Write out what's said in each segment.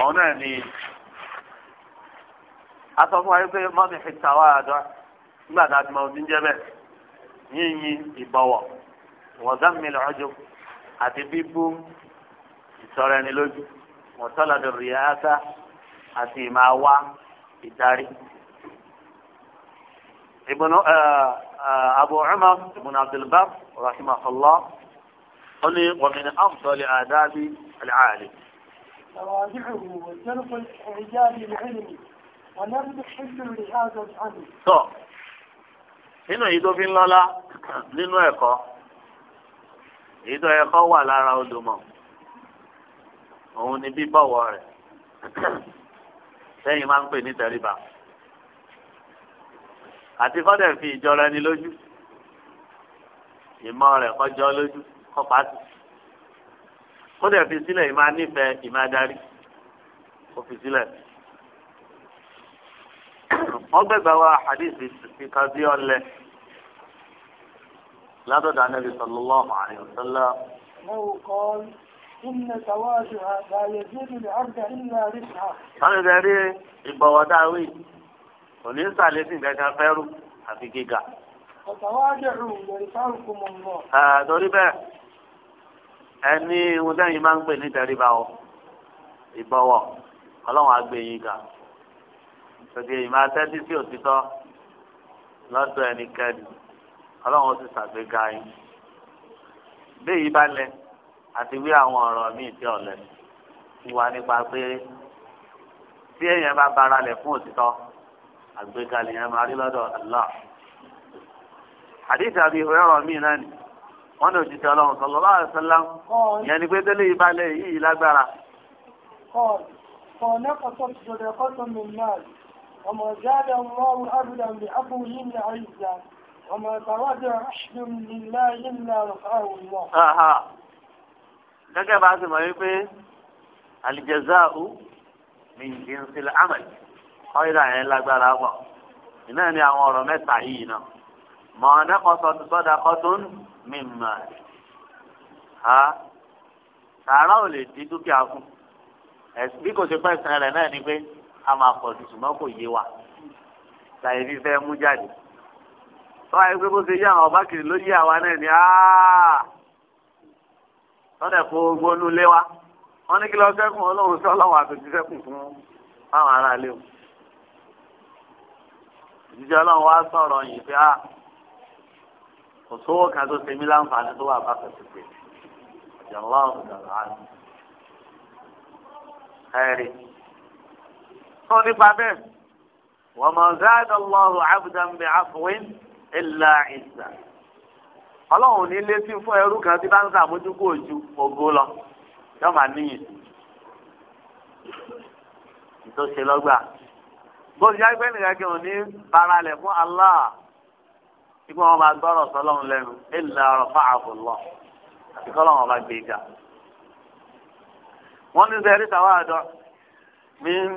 ọ̀hún náà ni asọ́fún ayé pé mọ́mí ìtawà àdọ́ nígbà tá a ti mọ ojú ń jẹ́ bẹ́ẹ̀ yíyí ìbọ̀wọ̀ wọ̀gánmi lọ́jọ́ àti bíbú ìsọ̀rọ̀ ẹni lójú mọ̀tọ́lọ́dọ̀ rìáta àti ìmáwá ìdarí. ibùnú abu umar ibùnú abdulbar rahimahullah ó ní wàmí ni àmì sọ̀lẹ̀ àdábì àlẹ́ àlẹ́. تواضعه وجلب الرجال العلم ونبذ حل لهذا العمل. طب nínú èyí tó fi ń lọ́lá nínú ẹ̀kọ́ èyí tó ẹ̀kọ́ wà lára olùmọ̀ òun ni bíbọ̀wọ̀ rẹ̀ sẹ́yìn máa ń pè ní tẹríba àti kọ́dẹ̀ fi ìjọra ẹni lójú ìmọ̀ rẹ̀ kọjọ́ lójú kọ́ pàtó ó dẹ̀ fi sílẹ̀ ìmá nífẹ̀ẹ́ ìmá darí ó fi sílẹ̀. wọ́n gbẹ̀gbẹ̀ wa hadithi kíkan bí ọlẹ̀ látọ̀dọ̀ anábì sallallahu alaihi wasallam. wọ́n lè rí ìgbọ̀wọ́ dáwì kò ní sàlẹ̀ sí ìgbẹ́kan fẹ́rù àfi gíga. ọ̀tàwájú ẹ̀rù lè fárùkù mọ̀ mọ́. torí bẹ́ẹ̀ ẹni ohun tẹ́yìn máa ń pè ní tẹríba o ìbọ̀wọ̀ ọlọ́run àgbẹ̀yìn ga ṣòkè ìmáa tẹ́tí sí òtítọ́ lọ́dọ̀ ẹnikẹ́ni ọlọ́run sì ṣàgbéga yín béèyí bá lẹ àti wí àwọn ọ̀rọ̀ míì tí ọ̀lẹ́ ìwà nípa pé tí èèyàn bá bara lẹ̀ fún òtítọ́ àgbéga lèèyàn máa rí lọ́dọ̀ Allah àdìsí àbí míì náà nìyí wọn ní òjijì Ọlọ́run sọlọ láàrin sọlá yẹn ni pé tẹ́lẹ̀ ìbalẹ̀ yìí lágbára. kọ̀ọ̀nẹ́ kọ̀tọ́ ìjọba kọ́tọ́ mi náà ọmọ ìjáde ọmọ àbúdà mi àbúrò yìí ní àyíjà ọmọ ìtàwádìí àṣìlú mi náà yìí ní àrùkà òwúrọ̀. gẹ́gẹ́ bá a ti mọ̀ wípé àlìjẹ̀záàú mi yìí ń sílẹ̀ àmàlì ọ̀yẹ́dà yẹn lágbára pọ̀ ìnáà ni àwọn ọ̀rọ̀ mẹ́ta yìí náà mọ̀ọ́nẹ́kọ̀sọ̀ sọ́dà kọ́tún mímà ha sàárà ò lè di dúkìá fún ẹ̀sìn bí kò ṣe pẹ́ sàn rẹ̀ náà ni pé a máa pọ̀ jù ṣùgbọ́n kò yé wa láyé fífẹ́ mú jáde tọ́wọ́ ẹgbẹ́ bó ṣe yé àwọn ọba kiri ló yé àwa náà ni tọ́lẹ̀ kó gbónú lé wa wọ́n ní kí lọ sẹ́kùn ọlọ́run sí ọlọ́run àtòjú sẹ́kùn fún fáwọn ará ilé o ìdíje ọlọ́run wá sọ̀rọ̀ yìí pé kò sówó kan tó ṣe mí láǹfààní tó wà bá fẹsẹ̀ pé ìjọba ọ̀gá àná ẹ̀rí. tó nípa bẹ́ẹ̀ wọ́n mọ̀ záàdà lọ́rùn abudambe àfọwín ìlà ìsà. ọlọ́run ní létí fún ẹrú kan tí bá ń sàmójúkú ojú ògo lọ yóò máa níyì. ìtòsí lọ́gbà. bó ti yá gbẹ́nìkan kí n ní bára lẹ̀ fún Allah. ìgbọ́n wọn máa gbọ́rọ̀ sọlọ́run lẹ́nu illa rafa'ahu Allah àti kọ́ lọ́wọ́n máa gbé ga. wọ́n ní sẹ́rí tàwa àdọ́ mi ń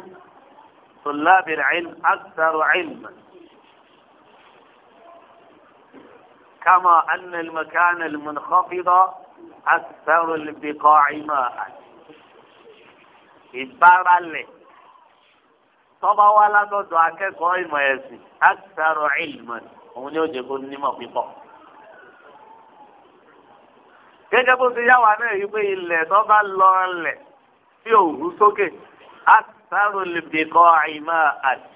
tullabil ilm aktharu ilman. kama anna al-makan al-munkhafida aktharu al-biqa'i ma'an. ìbáralẹ̀ tọ́ba wa látọ̀dọ̀ akẹ́kọ̀ọ́ ìmọ̀ ẹ̀sìn aktharu ilman ni. òun ni ó jẹ kó nímọ̀ pípọ̀. gẹ́gẹ́ bó ti yá wa náà yí pé ilẹ̀ tó bá lọ ọlẹ̀ tí òwú sókè á sáró lè bè kọ́ àìmọ́ àti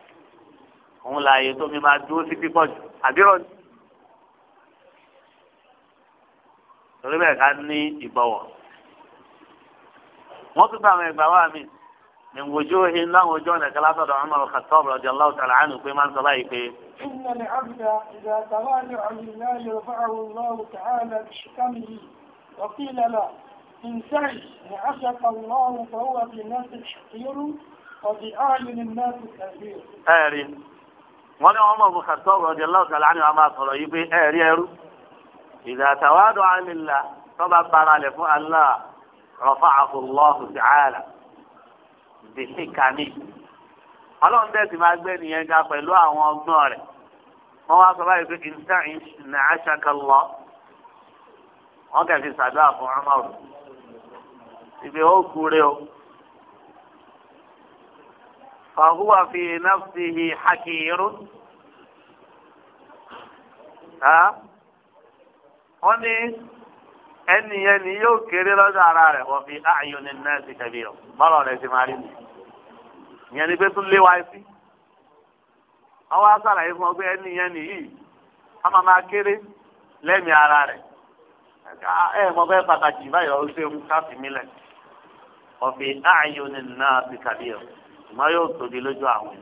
òun láàyè tó mi máa dúró sí pípọ̀ jù àbírọ̀ torí bẹ́ẹ̀ ká ní ìbọ̀wọ̀ wọ́n tún bá àwọn ẹgbàá wà míì ìwòjú hin láwọn ojú ọ̀nà kẹlá sọ̀dọ̀ Umar al-Khattab radiyallahu ta'ala anhu pé máa ń sọ láyé pé. inna al-abda idha tawali'a lillahi yarfa'uhu Allahu ta'ala bishukamihi wa qila lahu in sa'i ni'asaka Allahu fa huwa fi nafsi shakiru wa fi a'yuni an-nasi kabir. ẹ̀rí wọ́n ní Umar al-Khattab radiyallahu ta'ala anhu máa sọ̀rọ̀ yìí pé ẹ̀rí ẹrú idha tawada'a lillah tọ́ba bára lẹ̀ fún Allah rafa'ahu Allahu ta'ala. bèsè kàmí ọlọ́run tẹ̀sí máa gbé nìyẹn ga pẹ̀lú àwọn ọgbọ́n rẹ̀ wọ́n wá sọ báyìí pé ìtàn ìṣìnà aṣàkàlọ́ wọ́n kẹ̀sì sàdúrà fún ọmọrù ìgbé ó kúre o. fi في نفسه حكير ها wọ́n ní ẹnìyẹn ni yóò kéré lọ́dọ̀ ara rẹ̀ wọ́n fi ààyò ní nẹ́ẹ̀sì kẹ̀bí ọ̀ bọ́lọ̀ rẹ̀ ti máa rí mi. ìyẹn ni pé tún lé wa sí. ọwọ́ àṣàlàyé fún ọ pé ẹnìyẹn nìyí a máa máa kéré lẹ́mìí ara rẹ̀. ẹ mọ fẹ́ pàtàkì báyọ̀ ó ṣe ń káfí wọ́n fi ààyò ní ọ̀ yóò tóbi lójú àwọn.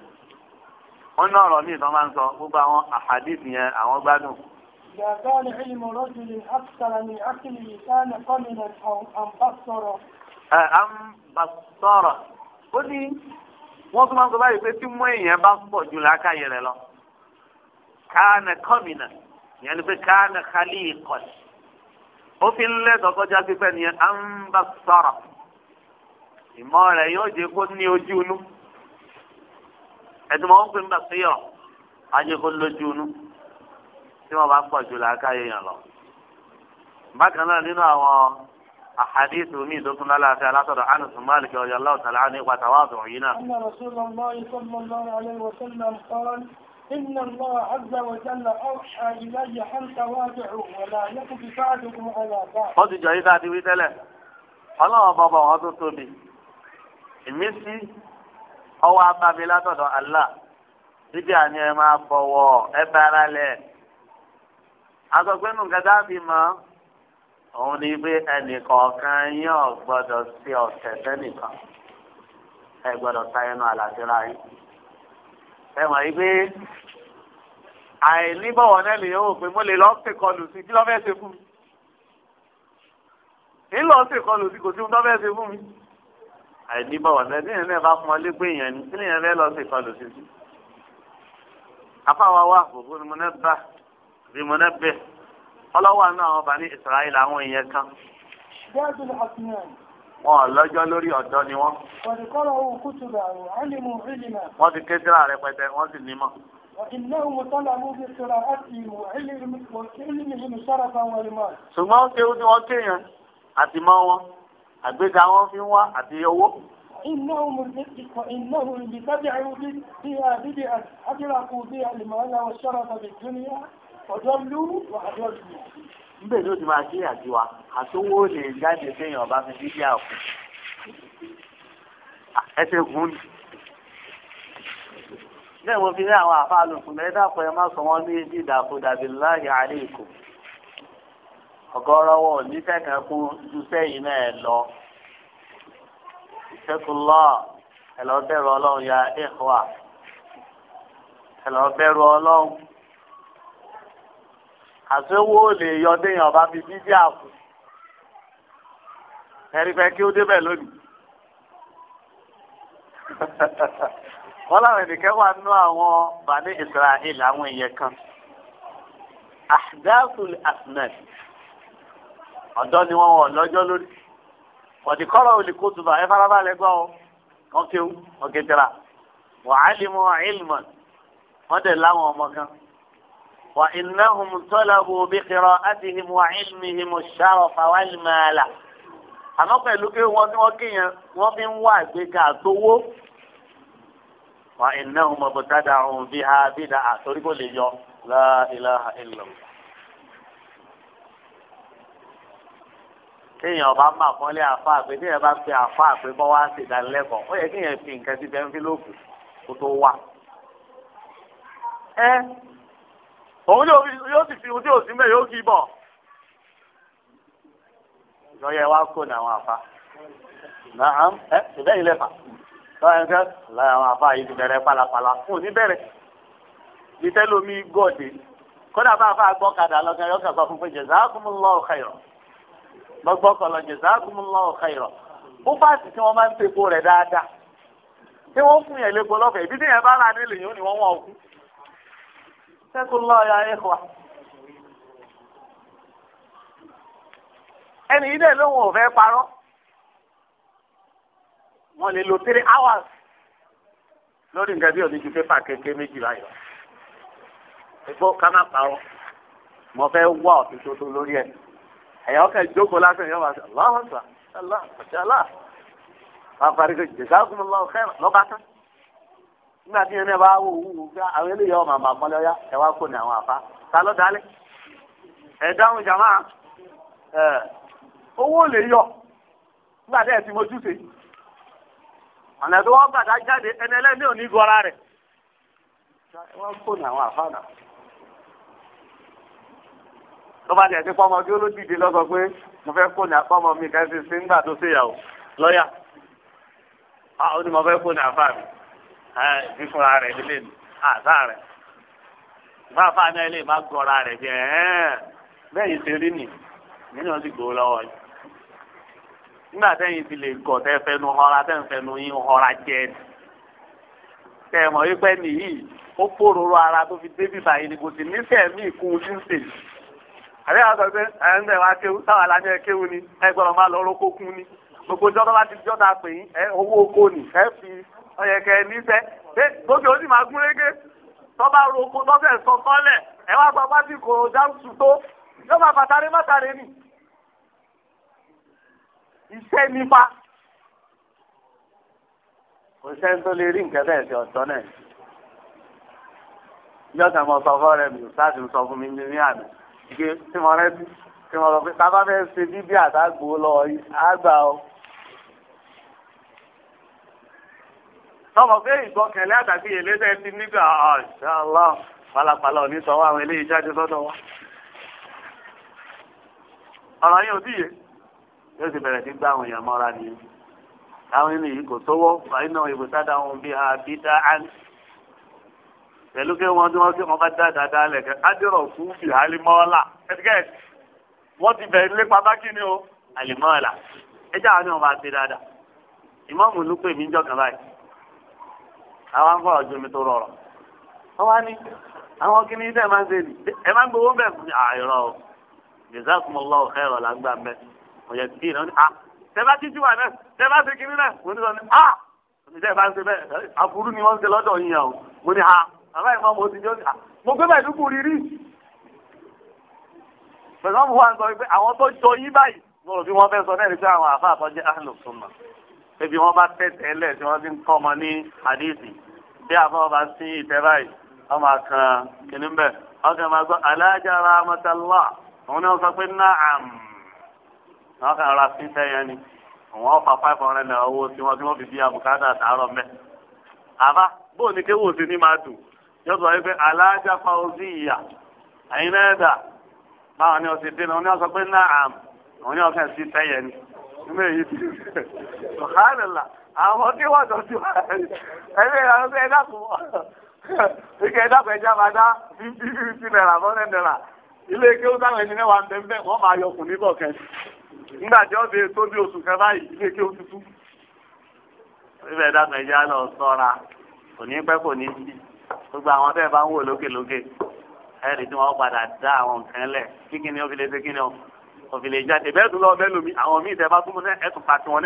wọ́n إذا كان علم رجل أكثر من عقله كان قمنا أو أنبصر أم ó ní wọ́n tún máa ń sọ báyìí pé tí mú èèyàn bá pọ̀ jù lákàyè rẹ̀ lọ káànà kọ́mìnà ìyẹn ni pé káànà kálí ìkọ̀ ó fi ń lẹ́tọ̀ọ́ kọjá sí pẹ́ nìyẹn ambasara ìmọ̀ rẹ̀ yóò jẹ́ kó ní ojú inú ẹ̀dùnmọ́ wọn pè ń bà sí yọ̀ ajẹ́ kó lójú inú tí wọ́n bá pọ̀ jù làákàyè yàn lọ. bákan náà nínú àwọn àhàdíìsì omi ìdókun lálàáfíà látọ̀dọ̀ Anas Malik ọ̀yọ́ aláwọ̀ tàlá ní ipa tàwáàdùn yìí náà. إن الله عز وجل أوحى إلي أن تواضعوا ولا يكن بعدكم على بعض. ó ti jọ yí dáadé wí tẹ́lẹ̀ ọlọ́run bàbá wọn tó tóbi ìmísí ọwọ́ abámi látọ̀dọ̀ Allah níbi àní agbègbè nù gẹ́gẹ́ bí mọ́ òun ni pé ẹnìkọ̀ọ̀kan yín ò gbọ́dọ̀ sí ọ̀sẹ̀ sẹ́nìkan ẹ gbọ́dọ̀ ta ẹnu àlàsíra yín ẹ mọ̀ yí pé àìníbọ̀wọ̀ náà lè yẹ̀wò pé mo lè lọ́ọ́ ṣèkọlù sí kí lọ́ọ́ fẹ́ ṣe fún mi ńlọ ṣèkọlù sí kò sí ohun tó fẹ́ ṣe fún mi àìníbọ̀wọ̀ náà tí ìyẹn náà bá fún ọ légbé èèyàn ní kí lèèyàn fẹ́ lọ ṣèkọlù sí sí afáwa wà fòfó ni mo náà bímọ́nà bẹ́ẹ̀ ọlọ́wọ́ àná àwọn bani Israẹli àwọn èèyàn kan. wọn lọ́jọ́ lórí ọ̀dọ́ ni wọ́n. wọ́n ti ké síra rẹ pẹtẹ wọ́n sì nímọ̀. ṣùgbọ́n ó kéwú tí wọ́n kéèyàn àti mọ́ wọn àgbéga wọn fi ń wá àti owó. إنهم إنهم بتبعوا بها بدعة أدركوا بها المال والشرف بالدنيا ọ̀dọ́ lú ọ̀dọ́ lù. níbẹ̀ ló ti máa ṣe àtiwá àtọwọ́ lè jáde sẹ́yìn ọba fi dídí àpò ẹsẹ̀ gùn ni. bẹ́ẹ̀ mo fi ní àwọn àfa àlùkùn lẹ́yìn dàpọ̀ ẹ má sọ wọ́n ní ibi ìdàkudà billahi alaykum ọ̀gọ́rọ́wọ́ oníṣẹ́ kan kún ju sẹ́yìn náà lọ. ìṣẹ́kùnlọ́ ẹ̀ lọ bẹ̀rù ọlọ́run ya ẹ̀họ́ à ẹ̀ lọ bẹ̀rù ọlọ́run àṣewó lè yọ déyàn bá fi bíbí àkù ẹ̀rí fẹ́ kí ó débẹ̀ lónìí. wọ́n láwọn ènìkẹ́ wà nínú àwọn bani Israel àwọn èèyàn kan ahdathul asnad ọ̀dọ́ ni wọ́n wọ̀ lọ́jọ́ lórí ọ̀dìkọ́rọ̀ olùkótùbà ẹ farabalẹ̀ gbọ́ ọ wọ́n kéwú wàhálì mọ́ ilmọ̀ wọ́n dẹ̀ láwọn ọmọ kan. وإنهم طلبوا بقراءتهم وعلمهم الشرف والمال àmọ́ pẹ̀lú pé wọ́n tí wọ́n kéèyàn wọ́n fi ń wá àgbéga àtowó وإنهم ابتدعوا بها بدعة torí kò lè yọ لا إله إلا الله. kéèyàn ọba máa fọ́n lé àfa àpè kéèyàn bá pe àfa àpè bọ́ wá sí ìdánilẹ́kọ̀ọ́ ó yẹ kéèyàn fi nǹkan ti bẹ́ńfílóòpù kó tó wà. ẹ òun yóò sì fi ohun tí mẹ́ yóò kí bọ̀. lọ́yẹ̀ wá kó ní àwọn àfa náà ẹ ìbẹ́ yìí lẹ́fà lọ́yẹ̀ ń kẹ́ láyé àwọn àfa yìí ti bẹ̀rẹ̀ pálapàla fún òní bẹ̀rẹ̀ bí gọ́ọ̀dì kódà bá àfa gbọ́kadà lọ́kàn yọ̀kàn sọ fún pé jazakumullahu khairan lọ́gbọ́kọ̀ lọ jazakumullahu khairan bó bá sì tí wọ́n máa ń tepo rẹ̀ dáadáa tí wọ́n fún yẹn lépo lọ́fẹ̀ẹ́ ibi tí yẹn bá rà nílẹ̀ yìí ó ní wọ́n wọ́n ọkùn اتقوا الله يا إخوة ẹni yìí dẹ̀ lóhùn ò fẹ́ parọ́ wọ́n lè lo three hours lórí nǹkan bí òní ju pépà kéke méjì báyọ̀ ẹgbọ́n ká má parọ́ mo fẹ́ wá ọ̀tún tuntun lórí ẹ̀ ẹ̀yà ọkẹ́ ìjókòó lásán ìyá wa sọ aláhùn sọ aláhùn sọ aláhùn wàá parí kejì jẹ́sàkùn lọ́kàn lọ́kàn tán. nígbà tí yẹn náà bá wò wúwo àwọn eléyìí ọmọ àmà àpọ́nlé ọyá ẹ wá kó ní àwọn àfa ta ló dálé ẹ dáhùn jàmá ẹ owó lè yọ nígbà tí ẹ ti mojú sí ọ̀nà wọ́n gbàdá jáde ẹni ẹlẹ́ni rẹ̀ ẹ wá kó ní àwọn àfa náà fífúnra rẹ̀ nílé ni àṣà rẹ̀ ìfáfá náà lè má gọra rẹ̀ jẹ́ bẹ́ẹ̀ yìí ṣe rí nì nínú ti gbòó lọ́wọ́ yìí nígbà tẹ́yìn ti lè gọ̀ tẹ́ fẹnu họra tẹ́ fẹnu yín họra jẹ́ tẹ́ mọ̀ wípé nìyí ó pòròrò ara tó fi débì báyìí ni kò sì nífẹ̀ẹ́ mí kú ní sè àbí àwọn sọ pé ẹ ń bẹ̀ wá kéwú táwọn alájọ kéwú ni ẹ gbọ́dọ̀ máa lọ rókó kú ni gbogbo jọ́dọ̀ bá ti jọ́dọ̀ àpè yín ẹ owó oko ni ẹ fi ọ̀yẹ̀kẹ̀ níṣẹ́ gbogbo ó sì máa gún régé tọ́ba roko lọ́fẹ̀ sọ kọ́lẹ̀ ẹ wá gba pásíkò dáhùsù tó yóò máa bàtàrí mọ́tàrí nì. iṣẹ́ nípa kò sẹ́ni tó lè rí nǹkan bẹ́ẹ̀ sí ọ̀tọ́ náà yọ̀ọ̀tà mọ̀ sọ fọ́ rẹ̀ mi láti sọ fún mi ní àná ìgbé tí mo rẹ́ sí tí mo rọ pé tábà fẹ́ ṣe bíbí àtàgbò lọ àgbà o. tọmọ pé ìgbọkẹ̀lé àtàkì ìyẹlẹ́sẹ̀ ti nígbà ọ̀ṣàlá ah, palapala ò ní sọ wá àwọn eléyìí jáde sọ́dọ̀ wa. ọ̀rọ̀ yẹn ò tíye yóò sì bẹ̀rẹ̀ sí gbá àwọn èèyàn mọ́ra ni àwọn ẹni yìí kò sówó báyìí náà ìbò sádà wọn bí abí dá án pẹ̀lú kí wọ́n tí wọ́n sì wọ́n bá dá dáadáa lẹ̀ kẹ́ ádìrọ̀ fún bí alimọ́ọ́lá ẹ̀dígẹ́ẹ̀tì wọ́n ti bẹ̀rẹ̀ lépa bá kí ni o alimọ́ọ́lá ẹjẹ́ àwọn ni wọ́n máa ṣe dáadáa ìmọ̀ọ́mù àwọn ń gbọ́rọ̀ ju omi tó rọrọ̀ wọ́n wá ní àwọn kìíní tẹ́ ẹ máa ń ṣe ẹ máa ń gbowó bẹ́ẹ̀ fún àìrọ̀ ah, o jazakumullahu khairan la gbà mẹ́ ọ̀yẹ̀ tí ìnáwó ní a ah, tẹ́ bá títí wà náà tẹ́ bá ṣe kìíní náà mo ní sọ ní a ah, omi tẹ́ ẹ bá ń ṣe bẹ́ẹ̀ aburú ni wọ́n ń ṣe lọ́dọ̀ yìnyín o mo ní a bàbá ìmọ̀ mo ti jọ́ mo gbé bẹ́ẹ̀ dúkùú rírí pẹ̀lú àwọn bí àbọ̀ ọba sí ìtẹ́ báyìí wọ́n máa kan kìnnì bẹ́ẹ̀ wọ́n kàn máa gbọ́ alájà rahmatulá òun ni wọ́n sọ pé naam wọ́n kàn ra sí sẹ́yìn ni wọ́n fa five hundred naira owó tí wọ́n tí wọ́n fi bí abùkádà sàárọ̀ mẹ́. àbá bóò ní kéwò sí ni máa dùn yóò sọ wípé alájà fa ozí ìyà ẹ̀yin náà dà báwọn ni wọ́n ti dín ní wọ́n ni sọ pé naam òun ni kàn sí sẹ́yìn ni. àwọn tí wọ́n tó tó ẹgbẹ́ àwọn tó ẹ̀dá kù ike ẹ̀dá kù ẹja máa dá fifty fifty naira four hundred ilé ike ó dáhùn ẹni mẹ́wàá ń bẹ ń bẹ wọ́n máa yọ kùn níbọ̀ kẹ́ nígbà tí wọ́n fi tó bí oṣù kan báyìí ilé ike ó tutù ibẹ̀ ẹ̀dá kù ẹja lọ sọ́ra kò ní pẹ́ kò ní bí gbogbo àwọn tẹ́ ẹ bá ń wò lókèlókè ẹ̀rì tí wọ́n padà dá àwọn nǹkan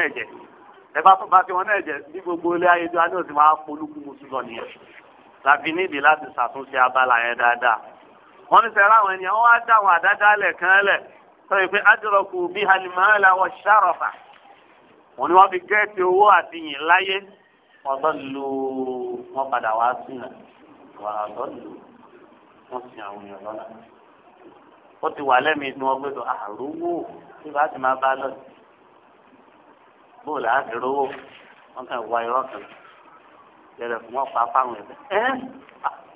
lẹ̀ ẹ bá tún bá fi wọn náà jẹ bí gbogbo ilé ayé tí wọn náà ti máa polúkú mu sílọ nìyẹn làbí nídìí láti ṣàtúnṣe abala yẹn dáadáa wọn ní sẹ́ra àwọn ènìyàn wọn wá dá àwọn àdádálẹ̀ kan lẹ̀ sọ̀rọ̀ pé adúrọ̀kù bíi alimọ́lá wọ ṣàròfà wọn ni wọn fi gẹ́ẹ̀tì owó àti yìn láyé ọ̀dọ́ lu wọn padà wá sí nà wà ọ̀dọ́ lu wọn sin àwọn èèyàn lọ́la ó ti wà lẹ́mìí ni wọ́n gbé lọ àrùwò tí bá ti máa bá lọ́sí bóòlù àti rówó wọn kàn wá irọ́ kan yẹrẹ fún wọn pa fáwọn ẹgbẹ́ ẹ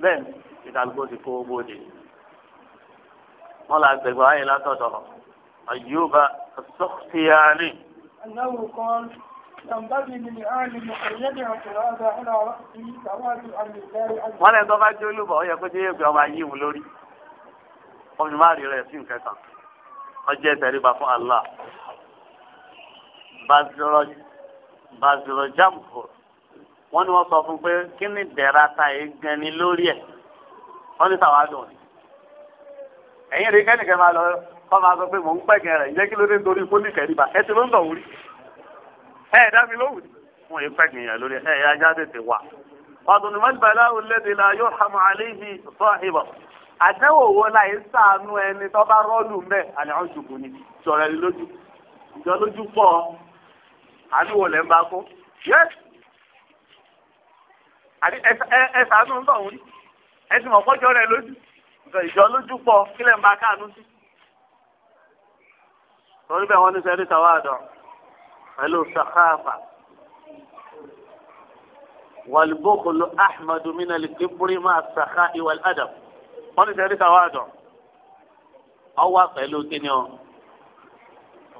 bẹ́ẹ̀ ni ìdálógún ti kó owó de wọn là gbẹgbẹ ayé látọ̀dọ̀ ayélujára sọfìyàní. anáwó kan yàmbábi ni àlè mọ̀kànlélẹ́dì àtúrádà ẹ̀rọ ọ̀rọ̀ ìdáwájú àmì ìdárí àjò. wọn lè tọ́ bá jẹ́ olúbọ̀ ọ kó jẹ́ ègbè ọmọ ayé wù lórí ọmọ ìmáàrí rẹ̀ sí nǹkan kan ọjọ́ ìtẹ̀ríba fún Allah bazirojambo wọ́n ní wọ́n sọ fún pé kí ni dẹ̀ra ta yìí gan ni lórí ẹ̀ wọ́n ní tàwa dùn ni. ẹ̀yin rí kẹ́nìkan máa lọ kọ́ máa sọ pé mò ń pẹ̀kẹ́ rẹ̀ ǹjẹ́ kí ló dé nítorí fólì kẹ́rìbà ẹ ti ló ń dọ̀ wúrí ẹ ẹ̀ dábì ló wùdí. wọ́n yìí pẹ̀kẹ́ yẹn lórí ẹ̀ ẹ̀ ajá tètè wà. ọ̀dùnnú mẹ́tìbàlá olóde la yóò hàmù àléhì sọ́ọ̀hìbọ̀. àtẹ̀wò wo la yìí sànú ẹni tó bá rọ́ọ̀lù mẹ́ àánú wọlé ń bá kó yẹ́sì àti ẹsẹ̀ àánú ń bọ̀ wọ́n ẹsẹ̀ mọ̀ kọ́jọ́ rẹ lójú ìjọ lójú pọ̀ kílẹ̀ ń bá káàánú sí. torí bẹ́ẹ̀ wọ́n ní sẹ́rí tàwádọ̀ pẹ̀lú sàkáàfà wàlúbókòló ahmadu minali kébúrí máa sàká ìwàl adam wọ́n ní sẹ́rí tàwádọ̀ ọwọ́ pẹ̀lú kíni ọ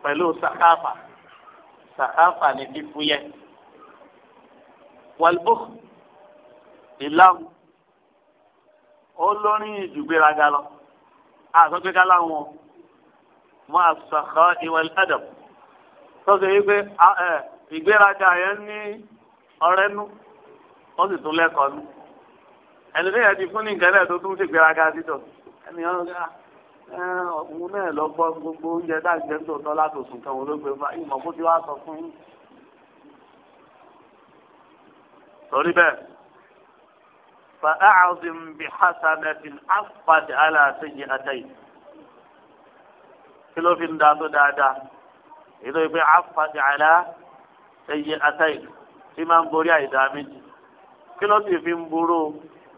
pẹ̀lú sàkáàfà sàkáfà ní fífúyẹ́ wàlúbò ìlàwù ó lórin ìdùgbéraga lọ àtọ́gbéga láwọn mọ àṣàkọ ìwẹ̀lì ẹ̀dọ̀m tó ṣe wípé ìgbéraga yẹn ní ọrẹ́nu ó sì tún lẹ́kọ̀ọ́ nù ẹni tó yẹ ti fún ní nǹkan tó tún ṣègbéraga títọ̀ ẹni ọ̀rọ̀ òun náà lọ gbogbo oúnjẹ tá jẹ tó kan òun ló gbé fa ìmọ̀ kó ti wá sọ fún yín. torí bẹ́ẹ̀ fa a'zim bi ala kí ló fi ń da tó dáadáa ala tí máa ń borí àìdá méjì kí ló sì fi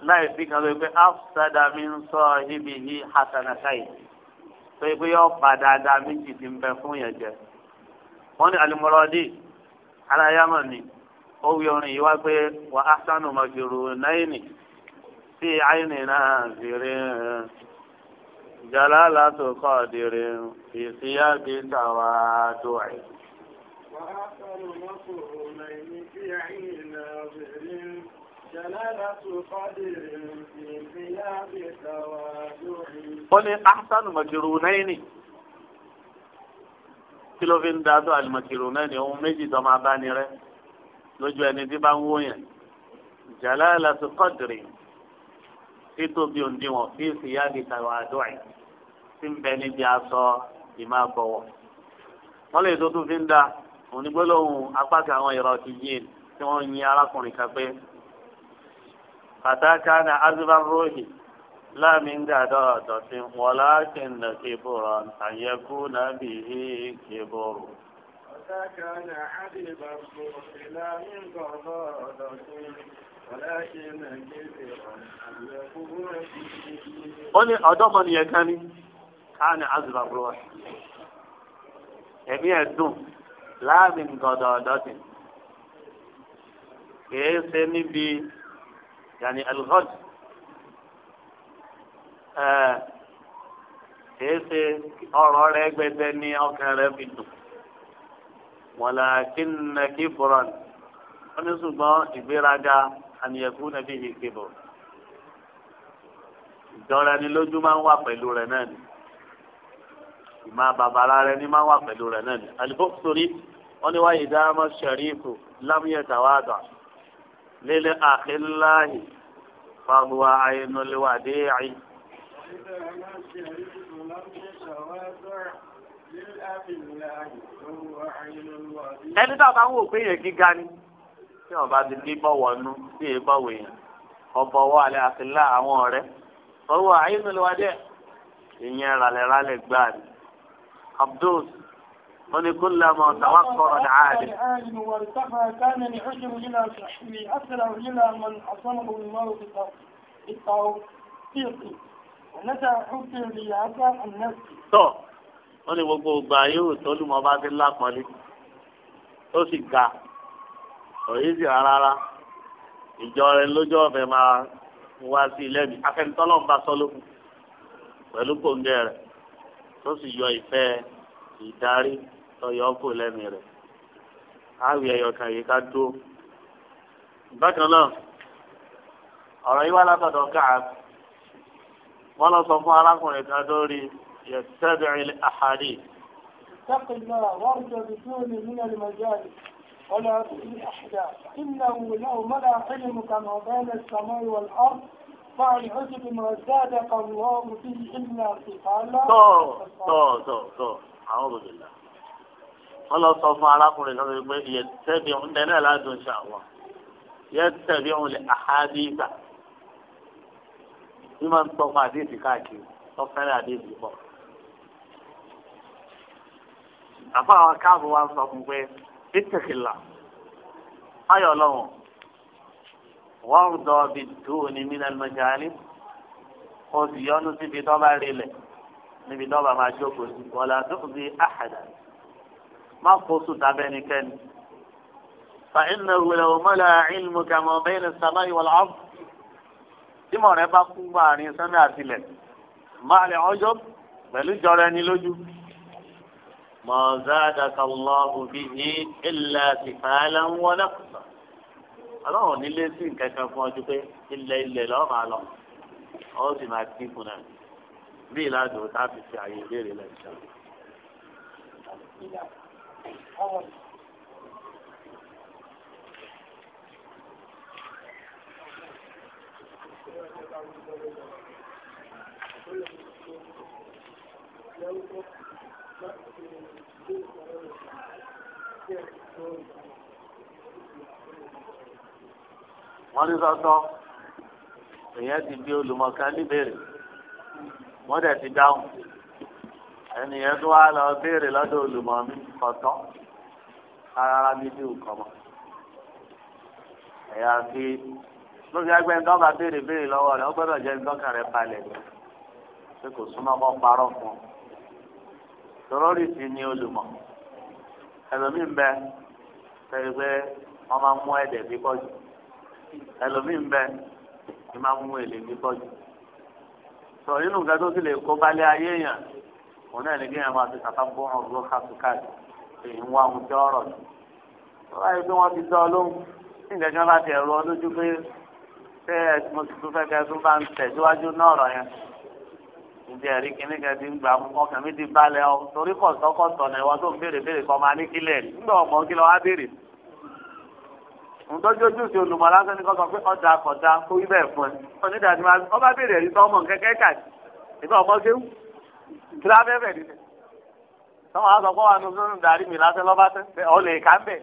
láì sí kan ló yẹ pé afsada mi ń sọ ibi yìí hasanatai tó yẹ pé yọ pa dáadáa méjì ti ń bẹ fún yẹn jẹ wọn ní alimọlọdí alayama ni ó wí orin yìí wá pé wà á sánú màjòrò náírì sí àyìnì náà zèrè jalala tó kọ́ dèrè ìsíyá bí tàwa dùn. wà á sánú màjòrò náírì àyìnì náà wọ́n ní ahsanu makirunayni kí ló fi ń dáadọ́ al-makirunayni ohun méjì tó máa bá ní rẹ lójú ẹni tí bá ń wó yẹn jalalatu qadri títóbi òǹdíwọ̀n fi ìsìyáàdì tàwa àdúrà tí ń bẹ níbi aṣọ ìmá bọ̀wọ̀ wọ́n lè tó tún fi ń da òní gbólóhùn apá kan àwọn ìrọ̀ ti yé tí wọ́n yin arákùnrin kan pé pàtàkì ní azúbà róhì láàmì ń dàdọ̀ ọ̀dọ̀tí wọlá kì ń nà kébùrọ̀ àyẹ̀kú náà bì í ní azúbà kan ní káàní azùbà bùrọ̀ ẹ̀mí ẹ̀ dùn láàmì gọ̀dọ̀ ọ̀dọ́tì kìí ṣe níbi يعني alghad kìí ṣe ọ̀rọ̀ rẹ̀ gbẹdẹ ní ọkàn rẹ̀ fi dùn walakinna kibran wọ́n ní ṣùgbọ́n ìgbéraga àníyẹ̀kú nàbí ìkébọ̀ ìjọra ẹni lójú máa ń wà pẹ̀lú rẹ̀ náà ni ìmọ̀ bàbára rẹ̀ ni máa ń wà pẹ̀lú rẹ̀ náà ni àlùbọ́sọ̀rí wọ́n ní wáyé dáhámọ́ ṣẹ̀rífù lámúyẹ̀ tàwádà lílẹ̀ àkínláyì fàhùwà àyìnulẹ̀wàdéyàì. ẹni tá a bá ń wò pé yẹn gíga ni tí wọn bá ti bí bọ̀wọ̀ nú bí èé bọ̀wọ̀ èèyàn ọbọ̀ wọ alẹ́ àkínlá àwọn ọ̀rẹ́ fàhùwà àyìnulẹ̀wàdéyà ìyẹn ralẹ̀ ralẹ̀ gbáà ni Abdul. قل كلما توقر العالم وارتفع كان العجب إلى صاحبه أسرع إلى من أصابه الموت بالتوفيق ونسى حبه لهذا النفس wọ́n ní gbogbo ọgbà yóò tọ́lú mọ́ bá ti lápọ́nlé ó sì ga òye sì rárá ìjọ rẹ lójú ọ̀fẹ́ máa wá sí ilé mi afẹnitọ́lọ́ ń bá sọ pẹ̀lú kòńgẹ́ rẹ̀ tó sì yọ ìfẹ́ ìdarí yọ kó lẹ́nu rẹ̀ àwì ẹ̀yọ̀kan yìí ká dúró. bákan náà ọ̀rọ̀ yìí wá látọ̀dọ̀ káà wọ́n lọ sọ fún arákùnrin kan lórí yẹtẹ́bìrì àhàdì. sákìlá wọ́n jọ bìtúrò ní nílẹ̀ lùmọ̀jáde. ولا تؤذي wọ́n lọ sọ fún arákùnrin kan pé yẹ tẹ́bi òun dẹ́ náà ládùn ṣe àwọn yẹ tẹ́bi òun lè àhádìgbà bí máa ń tọ́kọ àdéhìí káàkiri wọ́n fẹ́rẹ̀ àdéhìí pọ̀. àfa àwọn káàbù wa ń sọ fún pé ìtẹ̀kìlà ayọ̀ lọ́wọ́ wọ́n ń dọ̀ bí dùn ní mílíọ̀nù mẹ́jáálí oṣù yọnu síbi tó bá rí lẹ̀ níbi tó bá máa jókòó sí wọ́n làdùn bí àhàdà má fosù tábẹ́ nìkẹ́ni. fàìnà wùlẹ̀ òmọ́lá ìlmù kàmọ́ bẹ́ẹ̀ ni sàmá ìwọ̀lá ọ̀f. tímọ̀ rẹ bá kú àárín sẹ́mi àtìlẹ̀ máa lè ọjọ́ pẹ̀lú jọrọ ẹni lójú. mọ̀ọ́záàdà kàlọ́ọ̀hù bí i ilà tìfàlà ń wọlé kùsà. ọlọ́run nílé sí nǹkan kan fún ọjọ́ pé ilẹ̀ ilẹ̀ lọ́ọ́ máa lọ ọ́ sì máa dínkù náà bí ìlànà òtá fi ṣe àyè ìbéèrè lẹ́yìn wọ́n ní sọ́tọ́ èèyàn ti bí olùmọ̀kan níbèrè wọ́n dẹ̀ ti dáhùn. ẹnìyẹn tó wá lọ béèrè lọ́dọ̀ olùmọ̀ mi kọ̀tọ́ rárá mi bí ẹ̀yà fi lórí agbẹ́ ńdọ́ bá béèrè béèrè lọ́wọ́ rẹ̀ ó gbọ́dọ̀ jẹ́ ńdọ́kàn rẹ̀ balẹ̀ pé kò súnmọ́ kọ́ parọ́ fún un sí ni olùmọ̀ ẹlòmíín pé wọ́n máa mú ẹ̀dẹ̀ bí pọ́jù ẹlòmíín ni máa mú èlé bí pọ́jù sọ inú tó lè kó balẹ̀ òun náà ní kí ẹ máa ti kàtà bọ́ ọ̀rọ̀ ló ká tó káàdì èyí ń wá mu jẹ́ ọ̀rọ̀ ni. wọ́n wáyé pé wọ́n ti dán ọ lóhùn tí nǹkan kan bá ti ẹ̀rọ lójú pé ṣé ẹ̀sìn mo ti tún fẹ́ kẹ́ tó bá ń tẹ̀síwájú náà ọ̀rọ̀ yẹn. ǹjẹ́ ẹ̀rí kìíní kan ti ń gbà mú ọkàn mi ti balẹ̀ ọ torí kọ̀tọ́kọ̀tọ̀ náà ìwọ tó ń béèrè béèrè kọ́ máa ní kílẹ̀ nígbà ọmọ ni kọ́ sọ pé ọ̀dà kọ̀dà kó ibẹ̀ fún ẹ. onídàájú ọba béèrè ẹ̀rí tọ́mọ̀ kẹ́kẹ́ kàdí ìgbà kí ló abẹ́ bẹ̀rẹ̀ nílẹ̀ sọ́wọ́n á sọ pé wà nínú nínú dàrí mi lásán lọ́ba tẹ́ ọ lè ká ń bẹ̀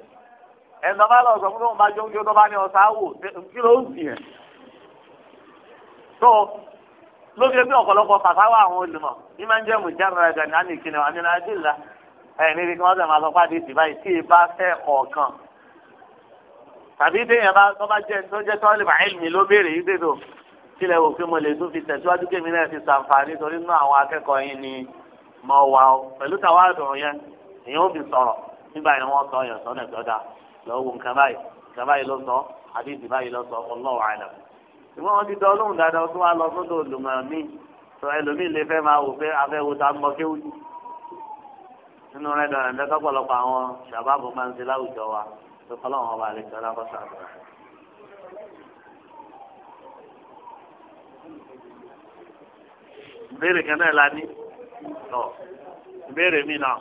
ẹ̀ lọ́ba lọ sọ fún lọ́ba ní wò kí ló ń sìn ẹ̀ tó ẹgbẹ́ ọ̀pọ̀lọpọ̀ àwọn olùmọ̀ ní máa ń jẹ́ ní àná ìkíni kí wọ́n sọ kílẹ̀ wò pé mo lè tún fi tẹ̀síwájú kémi náà fi ṣàǹfààní torí nínú àwọn akẹ́kọ̀ọ́ yín ni mo wà ó pẹ̀lú tàwa àdùn yẹn èèyàn ò fi sọ̀rọ̀ nígbà yẹn wọ́n sọ ọ̀yàn sọ́nà ìgbọ́dà lọ́wọ́ nǹkan báyìí nǹkan báyìí ló sọ àdéhùn báyìí ló sọ ọlọ́wọ́ àlẹ́ ìwọ́n wọn ti dán olóhùn dáadáa tó wá lọ sódò olùmọ̀ ẹlòmíì lè fẹ́ máa wò pé afẹ́ wo ta mọ kéwù ìbéèrè kan náà la ní ọ ìbéèrè mi náà.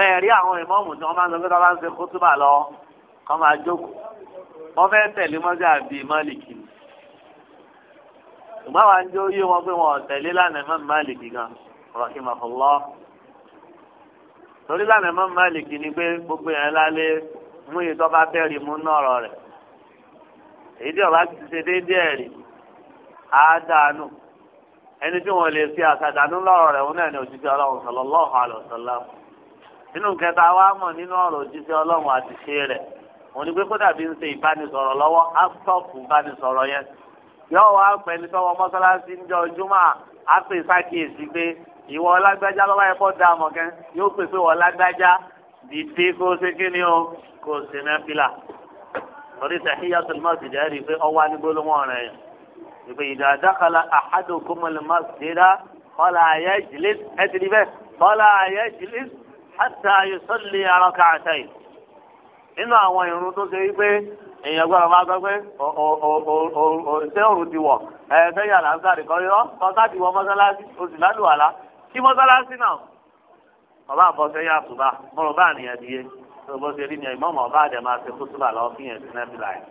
ẹ rí àwọn ìmọ̀ọ́mù tí wọ́n máa ń sọ pé tí wọ́n bá ń ṣe kótóbà lọ kọ́ máa jókòó wọ́n fẹ́ tẹ̀lé mọ́sí àbí mọ́lìkì ṣùgbọ́n àwọn àjọ yé wọn pé wọn tẹ̀lé lánàá Imam Málìkì gan rahimahullah torí lánàá Imam Málìkì ni pé gbogbo yẹn lálé mú iye tó bá fẹ́ rí mú nọ̀rọ̀ rẹ̀ èyí tí ọba ti ṣe déédéé ẹ̀rí á dànù ẹni tí wọn lè fi àṣàdànù lọ́rọ̀ rẹ̀ wọn náà ní òjíṣẹ́ ọlọ́run sallallahu alaihi wasallam nínú kẹta wa mọ̀ nínú ọ̀rọ̀ òjíṣẹ́ ọlọ́run àti ṣe rẹ̀ òun ni pé kódà bí ń ṣe ìbánisọ̀rọ̀ lọ́wọ́ á sọ̀kù ìbánisọ̀rọ̀ yẹn yọ wá pẹ̀lú sọ́wọ́ mọ́sálásí ń jọ júmọ́ àpè sákìyèsí pé ìwọ ọlágbájá lọ́wọ́ ẹ̀fọ́ da àmọ̀kẹ́ yóò pè pé ọlágbájá dìde kó ṣe kí ni o kò sí nẹ́fìlà torí tahiyatul masjid ẹ̀rí pé ọwọ́ anigbólómọ̀ rẹ̀ yẹn ìpè idha dakhala ahadukumul masjida fala yajlis ẹ ti di bẹ́ẹ̀ fala yajlis hatta yusalli rak'atayn nínú àwọn ìrun tó ṣe wípé èèyàn gbọ́dọ̀ máa gbọ́ pé ṣé òòrùn ti wọ̀ ẹ fẹ́yà làásàrì kan yọ ọ̀sá ti wọ mọ́sálásí oṣù lálùwàlá kí mọ́sálásí náà ọba àbọ̀ fẹ́yà àtùbà mọ̀rọ̀ bá àníyàn di yé tó bó ṣe rí ni ìmọ̀ ọba àdẹ máa ṣe kó túbà lọ fíyàn sí nẹ́fìlà ẹ̀.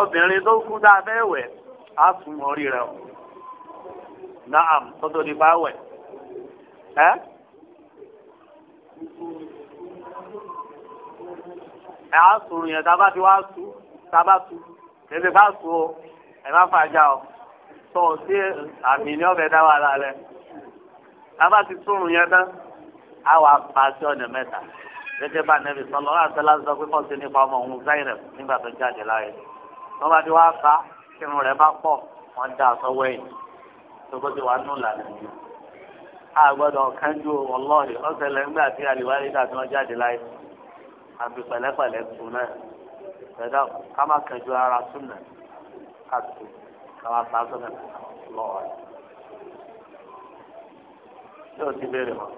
obìnrin tó kú dáa bẹ́ẹ̀ wẹ̀ á sùn orí rẹ o naam tọ́tọ́ ni bá wẹ̀ ẹ́ ẹ á sùn yẹn tá a bá ti wá sùn tá a bá sùn tètè bá sùn o ẹ má fàájà o tó o sí àmì ní ọbẹ̀ dá wà lálẹ́ tá a bá ti sùn yẹn tán á wà pa sí ọ̀nà mẹ́ta gẹ́gẹ́ bá nẹ́bí sọ́lọ́ ọ̀rọ̀ àti ẹlẹ́sọ̀ pé kọ́sí nípa ọmọ òun zainab nígbà tó jáde láàyè wọ́n ti wá pa irun rẹ̀ bá pọ̀ wọ́n dá aṣọ wẹ̀yìn tó bó ti wà nù lànà a gbọ́dọ̀ kánjú ọlọ́ọ̀lì ọ̀sẹ̀lẹ̀ ńgbà tí àlìwárí dà tí wọ́n jáde láyé àfi pẹ̀lẹ́pẹ̀lẹ́ tù náà ẹ̀dá ká má kánjú ara tún náà ká tù ká wá pa aṣọ náà lọ́wọ́ rẹ̀. yóò ti béèrè wọn.